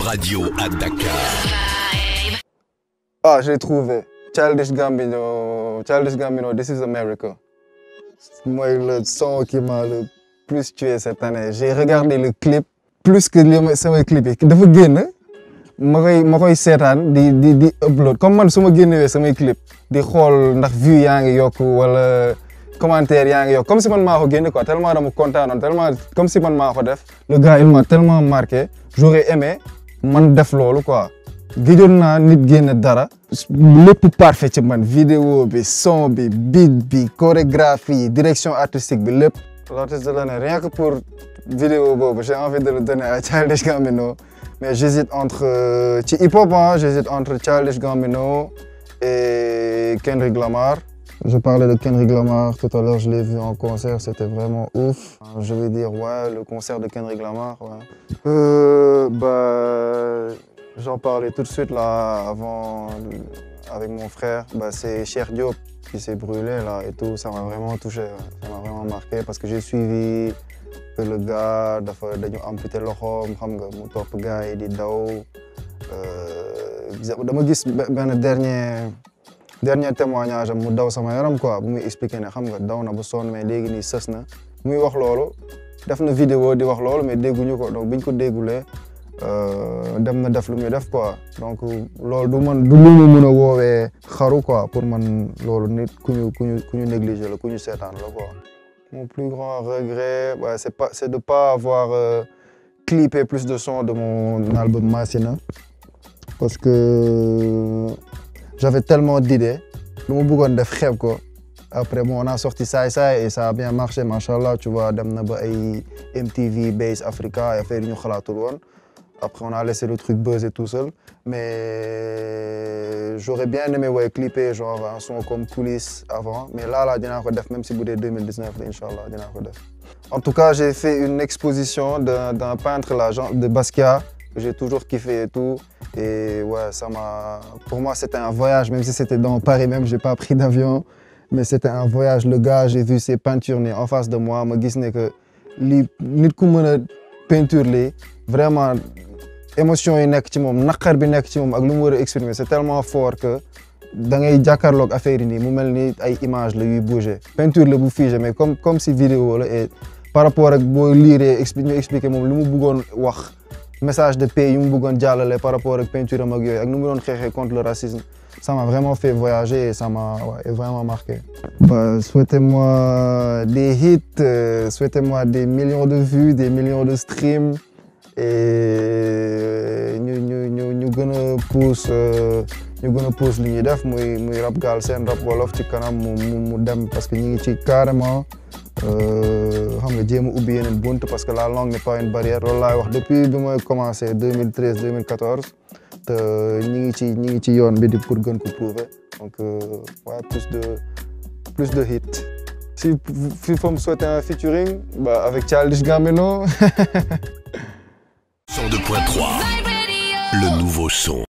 Radio à Dakar. Ah, j'ai trouvé. Childish Gambino. Childish Gambino, This is America. C'est moi le son qui m'a le plus tué cette année. J'ai regardé le clip plus que le clip yi dafa génn. ma koy ma koy di upload comme man su ma génnewee samay clip di xool ndax view yaa ngi ou wala commentaire yaa ngi comme si man maa ko quoi tellement je suis tellement comme si man maa def le gars il m'a tellement marqué j'aurais aimé man def lolu quoi géjoon na nit génne dara lépp parfait man vidéo bi son bi beat bi chorégraphie direction artistique bi l'artiste de rien que pour vidéo j'ai envie de le donner à Childish Gambino mais j'hésite entre euh, ci hip hop hein, j'hésite entre Childish Gambino et Kendrick Lamar je parlais de Kendrick Lamar tout à l'heure, je l'ai vu en concert, c'était vraiment ouf. Je vais dire, ouais, le concert de Kendrick Lamar, Euh, bah, en parlait tout de suite là, avant, avec mon frère. Bah, c'est Cher Diop qui s'est brûlé là et tout. Ça m'a vraiment touché, ça m'a vraiment marqué parce que j'ai suivi que le gars, dañu amputé loxom, xam nga, mu top gars yi di daw. Euh, dama gis ben dernier dernier témoignage mu daw sama yaram quoi, bu expliqué expliquer ne xam nga daw na ba son mais légui ni sess na. Muy wax lolu, def na vidéo di wax lolu mais dégguñu ko. Donc biñ ko dégulé, euh, dem na def lu muy def quoi donc loolu du man du lu ñu mën a woowee xaru quoi pour man loolu nit ku ñu ku ñu ku ñu négligé la ku ñu seetaan la quoi. Mon plus grand regret, bah, c'est pas, c'est de pas avoir euh, clippé plus de sons de mon album Massina, parce que euh, j'avais tellement d'idées. Le Mouboukon def Frève, ko Après, bon, on a sorti ça et ça, et ça a bien marché, machallah, tu vois, ba ay MTV, Base Africa, ñu faire une après, on a laissé le truc buzzer tout seul. Mais j'aurais bien aimé ouais, clipper genre, un son comme coulisses avant. Mais là, là, dina même si vous 2019, Inch'Allah, En tout cas, j'ai fait une exposition d'un peintre là, de Basquiat. J'ai toujours kiffé et tout. Et ouais, ça m'a. Pour moi, c'était un voyage, même si c'était dans Paris même, j'ai pas pris d'avion. Mais c'était un voyage. Le gars, j'ai vu ses peintures en face de moi. Je me disais que les peintures, vraiment, émotion yi nekk ci moom naqar bi nekk ci moom ak lu mu exprimer c'est tellement fort que da ngay jàkkaarloog affaire yi nii mu mel ay image la yuy bouger peinture la bu figé mais comme comme si vidéo la et par rapport ak boo liiree ñu expliqué moom lu mu bëggoon wax message de paix yu mu bëggoon jàllale par rapport ak peinture am ak yooyu ak nu mu doon xeexee contre le racisme ça m'a vraiment fait voyager et ça m'a vraiment marqué. Bah, souhaitez-moi des hits, euh, souhaitez-moi des millions de vues, des millions de streams et pousse euh, ñu gën a pousse li ñuy def muy muy rap sen rap wolof ci kanam mu mu dem parce que ñi ngi ci carrément euh, xam nga jéem ubbi yeneen bunt parce que la langue n'est pas une barrière loolu laay wax depuis bi moy commencé 2013 2014 te ñi ngi ci ñi ngi ci yoon bi di pour gën ko prouver donc waaye euh, plus de plus de hits. si si faut me souhaiter un featuring, bah avec Charles Gambino. 102.3, le nouveau son.